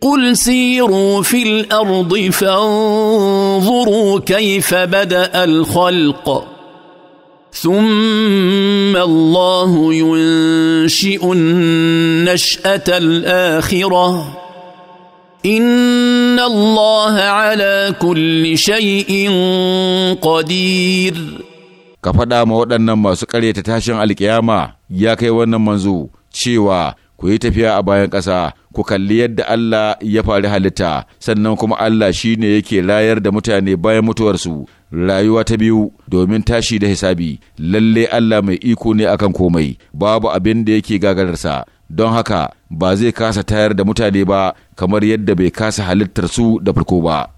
قل سيروا في الارض فانظروا كيف بدا الخلق ثم الله ينشئ النشاه الاخره ان الله على كل شيء قدير ka faɗa ma waɗannan masu ƙaryata tashin alkiyama ya kai wannan manzo cewa ku yi tafiya a bayan ƙasa ku kalli yadda Allah ya fari halitta sannan kuma Allah shi ne yake rayar da mutane bayan mutuwarsu rayuwa ta biyu domin tashi da hisabi lalle Allah mai iko ne akan komai babu abin da yake gagararsa don haka ba zai kasa tayar da mutane ba kamar yadda bai kasa halittar su da farko ba